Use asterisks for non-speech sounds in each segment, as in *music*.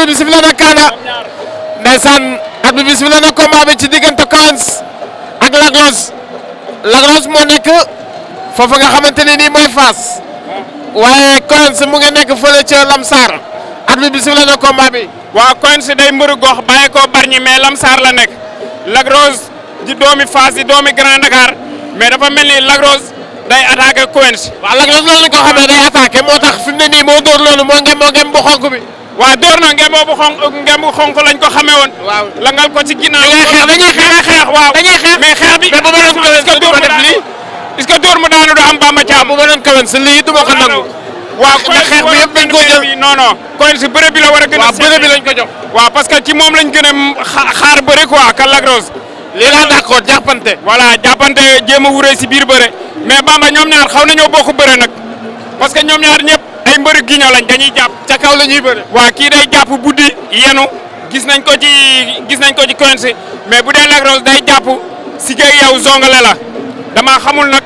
arbitre bi sifle na Kaana ndeysaan arbitre bi sifle na combat bi ci diggante Quench ak Lac Rose Lac Rose moo nekk foofu nga xamante ne nii mooy Fass waaye Quench mu nga nekk fële ca Lamsar arbitre bi sifle na combat bi. waaw Quench day mbëru gox bàyyi ko barñi mais Lamsar la nekk Lac Rose di doomi Fass di doomi Grand Dakar mais dafa mel ni Lac day attaqué Quench. waaw Lac Rose loolu la ko xamee day attaqué moo tax fi ne nii moo dóor loolu moo ngem moo ngem bu bi. waaw door na ngeen boobu xonk ngeen bu xonk ko xamee woon. langal ko ci ginnaaw. dañuy xeex xeex xeex. mais xeex bi est-ce door mu daanu du am Bamba Thiam. Ah, bu ma doon kawen si lii du ma ko nangu. waaw kon xeex bi yëpp dañ ko jël non si bëre bi la war a gën ko jox. waaw parce que ci moom lañ gën a xaar bëre quoi ka Lac Rose. lii laa d'accord jàppante. voilà jàppante a wuree si biir bëre. mais Bamba ñoom ñaar xaw nañoo bokk bëre nag parce que ñoom ñaar ñëpp ay mbëri giño lañ dañuy jàpp. ca kaw la ñuy bëri. waa kii day jàpp buddi yenu gis nañ ko ci gis nañ ko ci coin mais bu dee Lac Rose day jàpp si kay yow zongale la dama xamul nag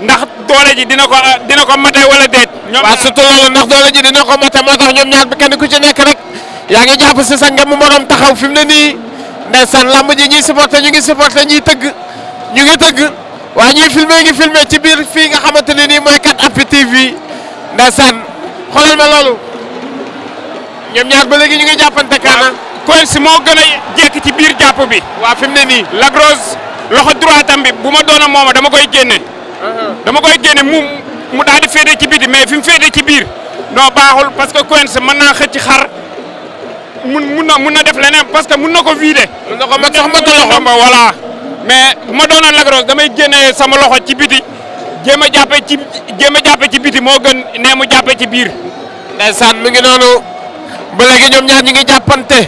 ndax doole ji dina ko dina ko mate wala déet. ñoom waaw surtout loolu ndax doole ji dina ko mate moo tax ñoom ñaar bi kenn ku ci nekk rek yaa ngi jàpp si sa ngemu morom taxaw fi mu ne nii ndeysaan lamb ji ñuy supporté ñu tëgg ñu tëgg waa ñuy filmé ngi filmé ci biir fii nga xamante ne nii mooy 4appuis TV. ndeysaan xoolal ma loolu ñoom ñaar ba léegi ñu ngi jàppante kaana Quench moo gën a jekk ci biir jàpp bi waa fi mu ne nii Lac Rose loxo droit am bi bu ma doon a mooma dama koy génne uh-huh. dama koy génne mu mu daal di féete ci biti mais fi mu féete ci biir non baaxul parce que Quench mën naa xëcc xar mun mun na mun na def leneen parce que mun na ko vider. mun na ko mën a jox ma loxo mais ma doonoon Lac damay génne sama loxo ci biti. jéem a jàppe ci jéem a jàppe ci biti moo gën nee mu jàppe ci biir ndeysaan mi ngi noonu ba léegi ñoom ñaar ñu ngi jàppante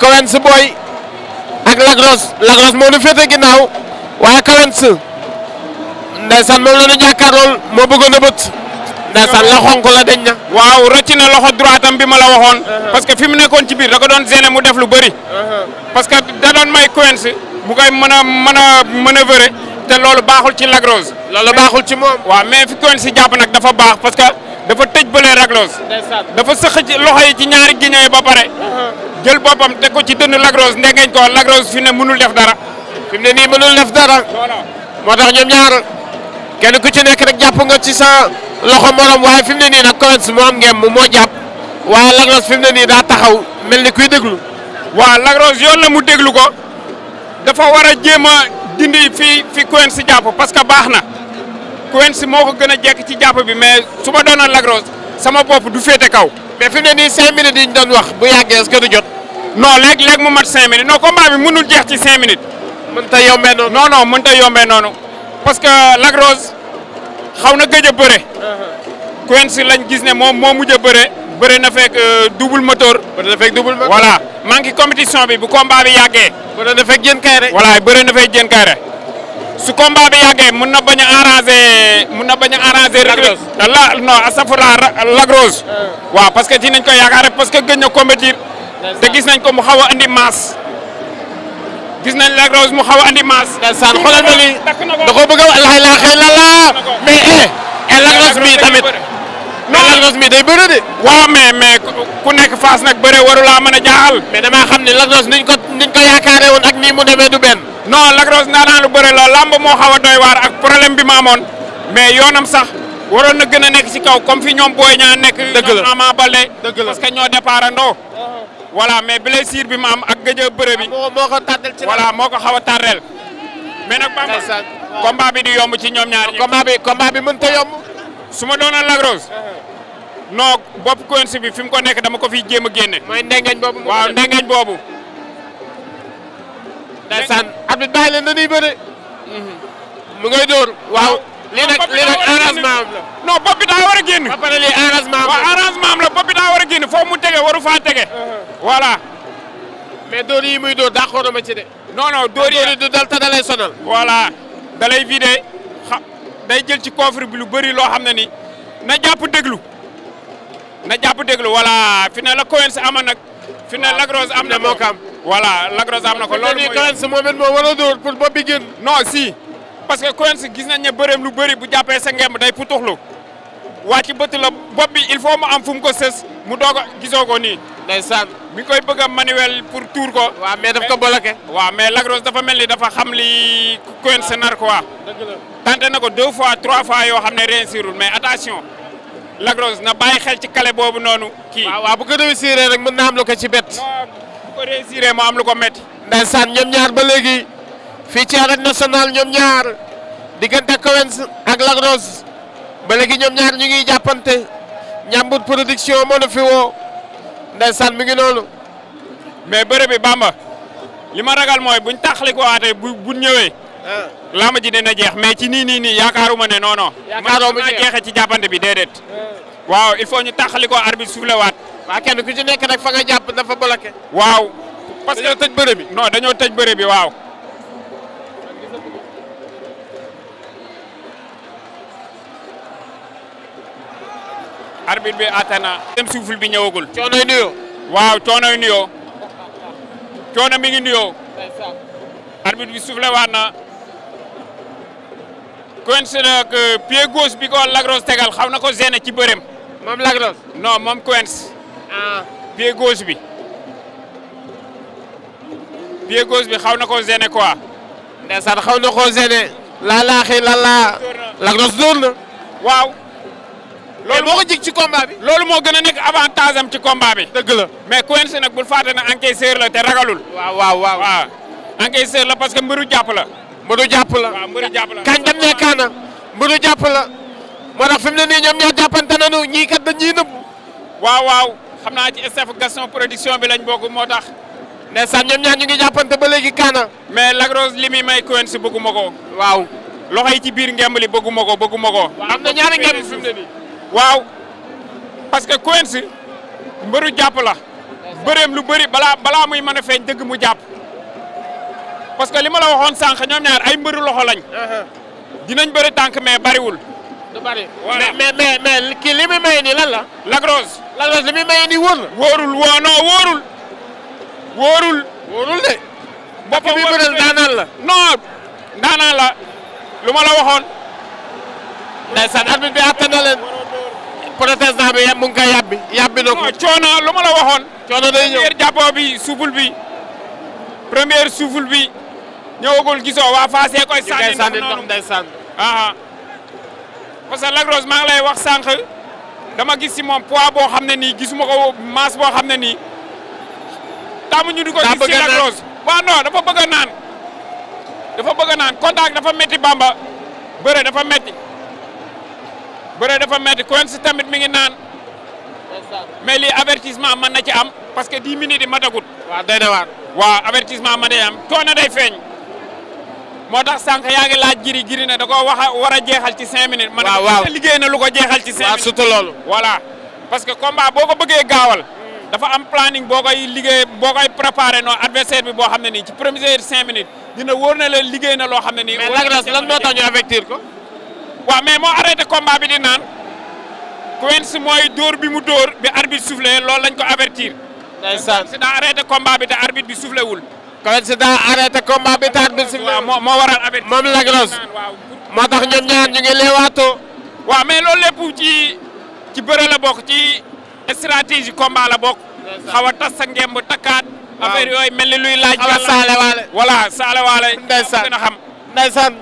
Kawens booy ak Lagros Lagros moo nu féete ginnaaw waaye Kawens ndeysaan moom la ñu jàkkaarlool moo bëggoon a bët ndeysaan la xonk a deñ na waaw rëcc na loxo droitam bi ma la waxoon uh-huh. parce que fi mu nekkoon ci biir da ko doon gêné mu def lu bëri uh-huh. parce que da may Kawens mu koy mën a mën a te loolu baaxul ci Lac Rose. loolu baaxul ci moom. waaw mais fi koon si jàpp nag dafa baax parce que dafa tëj bële Lac Rose. dafa sëq ci loxo yi ci ñaari guiño yi ba pare. Uh-huh. jël boppam teg ko ci dënnu Lac Rose ndengeñ ko Lac Rose fi ne mënul def dara. fi mu ne nii mënul def dara. moo tax ñoom ñaar kenn ku ci nekk rek jàpp nga ci sa loxo morom waaye fi mu ne nii nag Quench moo am ngem moo jàpp waaye Lac Rose fi ne nii daa taxaw mel ni kuy déglu. waaw Lac Rose yoon la mu déglu ko dafa war dindi fi fi Quench si jàpp parce que baax na Quench si moo ko gën a jekk ci jàpp bi mais su ma doonoon Lac Rose sama pop du féete kaw. mais fi mu ne nii cinq yi ñu wax bu yàggee est du jot. non léeg-léeg mu mat cinq minutes non combat bi mënul jeex ci cinq minutes. mënut a yombee noonu non non mënut a yombee noonu parce que Lac xaw na gëj a bëre. si uh-huh. lañ gis ne moom moo mujj a bëre. Euh, bëri na fekk double moteur. bëri na maa ngi compétition bi bu combat bi yàggee. bëri na fekk jën kayre. voilà bëri na bi yàggee mun na bañ a mun na bañ a arranger. Lagros la non asafura Lagros. Ah. waaw parce que dinañ ko yaakaar parce que gëj na compétir. te gis nañ ko mu xaw a andi masse. gis nañ Lagros mu xaw a andi masse. ndeysaan xoolal ma lii da koo bëgg wax lay laa xëy na laa mais eh. eh Lagros bi tamit. no mais Lac Rose mi day bëre de. waaw mais mais ku nekk Fass nag bëre warulaa mën a jaaxal. mais damaa xam ne Lac niñ ko niñ ko ak nii mu demee du benn. non Lac Rose ndaanaan la lamb moo xaw a doy waar ak problème bi ma amoon mais yoonam sax waroon na gën a nekk ci kaw comme fi ñoom booy ñaa nekk. dëgg la Ama Baldé parce que ñoo départandoo. Uh-huh. voilà mais blessure bi ma am ak gëj a bëre bi. Ah, moo ko tardel ci moo ko xaw a tardel. mais nag combat bi di yomb ci ñoom ñaar ñi. combat bi combat bi a yomb. su ma doonoon non bopp cointre bi fi mu ko nekk dama ko fi jéem a génne. mooy ndengeñ boobu waaw ndengeñ boobu. ndeysaan at bi bàyyi leen dañuy bëre. Mm-hmm. mu ngay dóor. waaw lii nag lii nag am la. non bopp bi war a génn. ba pare lii arrangement la bopp bi war a génn foofu mu tege waru faa tege. Uh-huh. voilà. mais dóor yi muy dóor daa xooloo ma ci de. non dóor yi du dal te da lay sonal. voilà da lay vidé day jël ci coffre bi lu bëri loo xam ne ni na jàpp déglu. na jàpp déglu voilà fi ne la Coence ama na fi ne am na moo kam voilà Lagrosse am na ko. loolu mooy Coence moom it moo war a dóor no bopp bi gën. non si parce que Coence gis nañ ne bëreem lu bëri bu jàppee sa ngemb day putuxlu wàcc bëtt la bopp bi il faut mu am fu mu ko sës mu doog a gisoo ko nii. ndeysaan mi koy bëgg a manuel pour tuur ko. waaw mais daf ko bloqué. waaw mais Lagrosse dafa mel ni dafa xam li Coence nar ko dëgg la tenté na ko deux fois trois fois yoo xam ne réussirul mais attention. Lac Rose na bàyyi xel ci kale boobu noonu. kii waaw bu ko réussir rek mën na am lu ko ci bett. bu am lu ko métti. ndeysaan ñoom ñaar ba léegi fii ci arène nationale ñoom ñaar diggante Quench ak Lac ba léegi ñoom ñaar ñu ngi jàppante ñambut production moo na fi woo ndeysaan mi ngi noonu. mais bëre bi Bamba li ma ragal mooy buñ taxali ko waatee bu bu ñëwee. laama ji dina jeex mais ci nii nii nii yaakaaruma ne non non. yaakaaroo mu jeex ci jàppante bi déedéet. Hmm. waaw il faut ñu taxali ko arbitre suuf waat. waaw kenn ku ci nekk nag fa nga jàpp na dafa bloqué. waaw parce que dañoo tëj bëre bi. non dañoo tëj bëre bi waaw. arbitre bi atana suuful bi ñëwagul. coonoy nuyoo. waaw coonoy nuyoo. coono mi ngi nuyoo. arbitre bi suuf waat na. Quench nag pied gauche bi ko Lac tegal xaw na ko gêné ci bërëm. moom Lac Rose. non moom Quench. ah bi. pied gauche bi xaw na ko gêné quoi. ndeysaan xaw na ko gêné. laalaaxi laalaa. Lac Rose na. waaw. loolu moo ko jig ci combat bi. loolu moo gën a nekk avantage am ci combat bi. dëgg la mais Quench nag na fàtte ne la te ragalul. waaw waaw waaw waaw encaisseur la parce que mbiru jàpp la. mbëru jàpp la kañ dem ne kaana mbëru jàpp la moo na fi mu ne nii ñoom ñoo jàppante nañu ñii kat dañ ñuy nëbb waaw waaw xam naa ci staff Gaston production bi lañ bokk moo tax ndeysaan ñoom ñaar ñu ngi jàppante ba léegi kaana mais lagros li muy may Quench si bëgguma ko waaw loxo yi ci biir ngemb li bëgguma ko bëgguma ko am na ñaari ngemb fi mu waaw parce que Quench mbëru jàpp la lu bëri balaa balaa muy mën a feeñ dëgg mu jàpp parce que li mala la waxoon sànq ñoom ñaar ay mbëru loxo uh-huh. dinañ bëri tànk mais bariwul. du bari mais mais mais kii li muy maye nii lan la. Lagrosse. Lagrosse li muy maye nii wóor na. wóorul woo non wóorul. wóorul. wóorul de. bi bëral daanaan la. non daanaan la lu ma la waxoon. ndeysaan arbitre bi àtte na leen. protestant bi mu ngi koy yàbbi yàbbi na ko. non coono lu ma la waxoon. coono day ñëw première jàppoo bi souffle bi. première souffle bi. ñëw ñëwagul gisoo waa Fass yee koy. sànni ndox noonu ndox day sànni. maa ngi lay wax sànq dama gis si moom poids boo xam ne nii gisuma ko masse boo xam ne nii. taamu ñu di ko gis si Lac Rose waaw dafa bëgg a naan. dafa bëgg naan contact dafa métti bamba bëre dafa métti bëre dafa métti kon si tamit mi ngi naan. mais lii avertissement mën na ci am parce que 10 minutes yi matagut. waaw day na waar waaw na am coono day feeñ. moo tax sànq yaa ngi laaj giri giri ne da war a jeexal ci cinq minutes. man waaw liggéey na lu ko jeexal ci cinq minutes surtout parce que combat boo ko bëggee gaawal. dafa am planning boo koy liggéey boo koy préparé noonu adversaire bi boo xam ne nii ci première cinq minutes dina wóor na leen liggéey na loo xam ne nii. mais Lac Rose lan mais moo arrêté combat bi di naan. Quench mooy dóor bi mu dóor bi arbitre soufflé loolu lañ ko avertir. ndeysaan si daa arrêté combat bi te arbitre bi soufflé wul. Coins daa arrêté combat bi taat bi si. moo moo waral abet. moom Lac Rose moo tax ñoom ñaar ñu ngi leewaatoo. waaw mais loolu lépp ci ci bëre la bokk ci stratégie combat la bokk. xaw a tas sa ngemb takkaat. yooyu mel ni luy laaj. xaw a saalewaale voilà saalewaale. ndeysaan gën a xam ndeysaan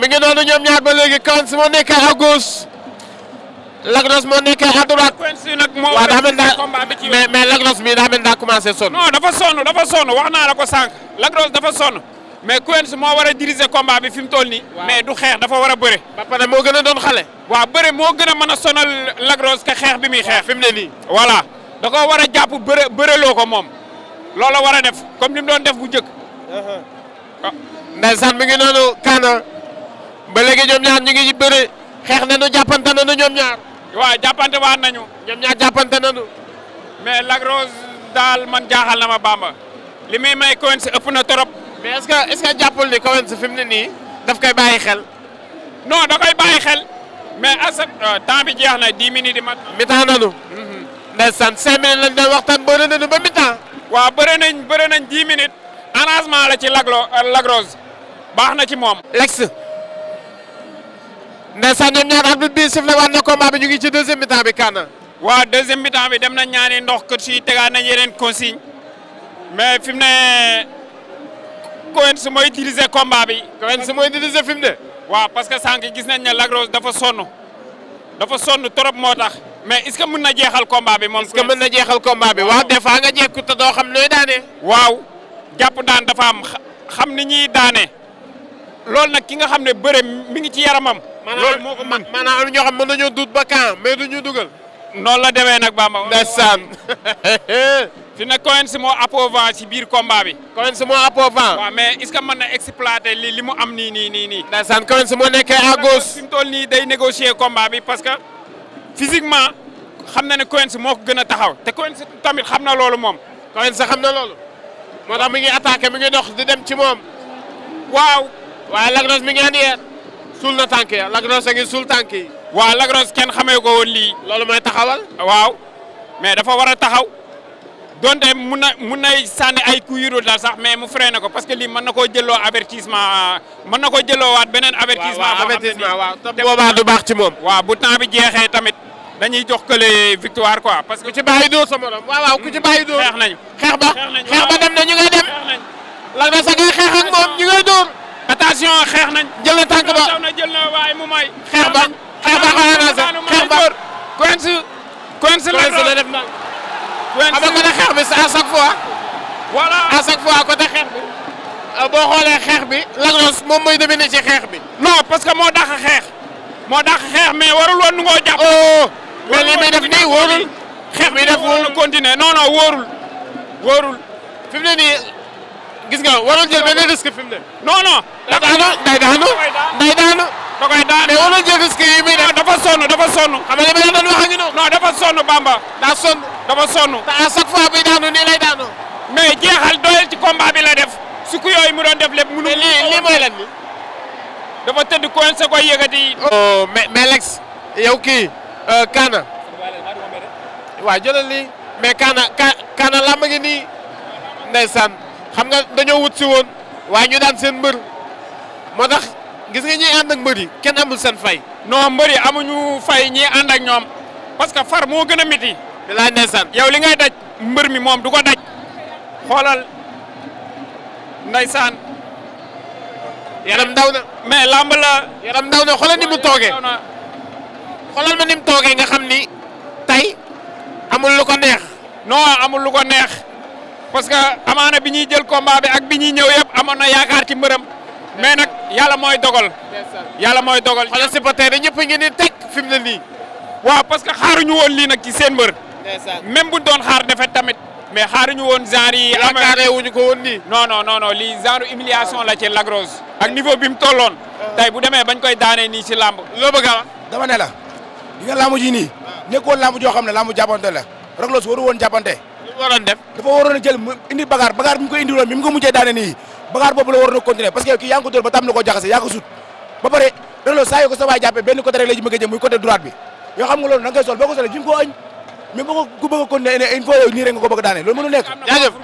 mi ngi noonu ñoom ñaar ba léegi Coins moo nekk à gauche. Lac Rose moo nekkee à droite. waaw daa mel ni mais mais Lac Rose mii daa mel ni daa commencé sonn. non dafa sonn dafa sonn moo war a diriger combat bi fi mu toll nii. mais du xeex dafa war a bëre. moo gën a doon xale. waa bëre moo gën a mën a sonal Lac Rose ka xeex bi muy xeex. fi mu ne nii voilà da koo war a jàpp bëre loo ko moom loola war a def comme ni doon def bu njëkk. Uh-huh. Ah, ndeysaan mi ngi noonu Kaana ba léegi ñoom ñaar ñu ngi bëre xeex nañu jàppante nañu ñoom ñaar. waaw jàppante waat nañu. ñoom ñaar jàppante nañu. mais Lac Rose daal man jaaxal na ma Bamba. li muy may Quench ëpp na trop. mais est-ce que est-ce que jàppul ni Quench fi mu ne nii daf koy bàyyi xel. non da koy bàyyi xel. mais asa euh, temps bi jeex na dix minutes di mat. mi-temps nañu. ndeysaan cinq minutes lañ doon waxtaan bëre nañu ba mi waa waaw nañ bëre nañ dix minutes. arrangement la ci Lac euh, baax na ci moom. lex. ndeysaan ñoom ñaar arbitre bi sifflé waat na combat bi ñu ngi ci deuxième mi bi Kaana. waaw deuxième mi dem na ñaani ndox kër si tegaat nañ yeneen consigne mais fi mu ne Coense mooy diriger combat bi. Coense mooy diriger fi mu waaw parce que sànq gis nañ ne Lac Rose dafa sonn dafa sonn trop moo tax. mais est-ce que mën na jeexal combat bi moom. est-ce que mën na jeexal combat bi waaw des fois nga jekku te doo xam nooy daane. waaw jàpp daan dafa am xam ni ñuy daane. loolu nag ki nga xam ne bëre mi ngi ci yaramam. loolu moo ko mën maanaam ñoo xam mën nañoo dut ba camp mais du ñu dugal. noonu la demee nag Bamba. ndeysaan. *laughs* fi ne Coins moo appauvant ci biir combat bi. Coins moo appauvant. waaw mais est-ce que na exploite li li mu am nii nii nii nii. ndeysaan Coins moo nekkee à gauche. fi mu toll nii day négocier combat bi parce que physiquement xam na ne Coins moo ko gën a taxaw te Coins tamit xam na loolu moom. Coins xam na loolu. moo tax mi ngi attaqué mi ngi dox di dem ci moom. waaye Lac Rose mi ngi andi suul na tànk ya suul tànk yi. waaw Lac xamee ko woon lii. loolu mooy taxawal. waaw mais dafa war a taxaw donte mun na mun nay sànni ay coups yu daal sax mais mu ne ko parce que lii mën na koo jëloo avertissement euh, mën na koo jëloo waat beneen. avertissement boo xam baax ci moom. waaw bu temps bi jeexee tamit. dañuy jox kële victoire quoi parce que. ku ci bàyyi dóor sa morom waaw waaw ku ci bàyyi dóor. xeex xeex ba xeex ba dem na ñu ngay dem. xeex a ngay xeex ak moom attention xeex nañ. jël na tànk ba jël na waaye mu may. xeex ba xeex ba xeex ba. Quench Quench la def nag. Quench xam nga xeex bi à chaque fois. voilà à chaque fois côté xeex bi. Euh, boo xoolee xeex bi. Lagos moom mooy demee ci xeex bi. non parce que moo dàq xeex. moo dàq xeex mais warul woon nu ngoo jàpp. Oh, mais li muy def nii wóorul. xeex bi def wóorul continuer non non wóorul. wóorul fi mu ne nii gis nga waroon jël benn risque fi mu ne. non non. day daanu day daanu day daanu. da koy daan mais waroon jël risque yi dafa sonn dafa sonn. xam nga li ma doon wax dafa sonn Bamba. daa dafa sonn. te à chaque fois daanu nii lay daanu. mais jeexal doyal ci combat bi def. su yooyu mu doon def lépp mënu. mais lii lii mooy lan ni dafa tëdd coin sa koy yëkkati. oh mais mais Lex yow kii euh, Kaana. waaw jëlal lii mais Kaana Kaana làmb ngi nii ndeysaan. xam nga dañoo wut si woon waaye ñu daan seen mbër moo tax gis nga ñiy ànd ak mbër yi kenn amul seen fay. non mbër amuñu fay ñiy ànd ak ñoom parce que far moo gën a métti. di laa ndeysaan yow li ngay daj mbër mi moom du ko daj xoolal ndeysaan. yaram ndaw na mais lamb la. yaram daw na xoolal ni mu toogee xoolal ma ni mu toogee nga xam ni tey amul lu ko neex. non amul lu ko neex. parce que amaana bi ñuy jël combat bi ak bi ñuy ñëw yëpp amoon na yaakaar ci mbërëm mais nag yàlla mooy dogal. yàlla mooy dogal. xale supporter yi ñëpp ngi ni teg fi mu ne nii. waaw parce que xaaruñu woon lii nag ci seen mbër. même bu doon xaar defet tamit. mais xaaruñu woon genre yi. yaakaaree wuñu ko woon nii. non non non non lii genre humiliation la ci lagros Rose. ak niveau bi mu tolloon. Euh. tay bu demee bañ koy daanee nii ci làmb. loo bëgg a dama ne la. di nga làmb ji nii. nekkoon làmb joo xam ne làmb jàppante la. Lac Rose waru woon jàppante. waroon def dafa waroon indi bagaar bagaar bi indi woon bi mu ko mujjee daane nii bagaar boobu la waroon parce que kii yaa ngi ko yaa ko sut ba pare da saa yoo ko sa waay jàppee benn côté rek la ji bi yoo xam nga loolu da nga koy sol ko solee ji nga koo añ mais boo ko ku bëgg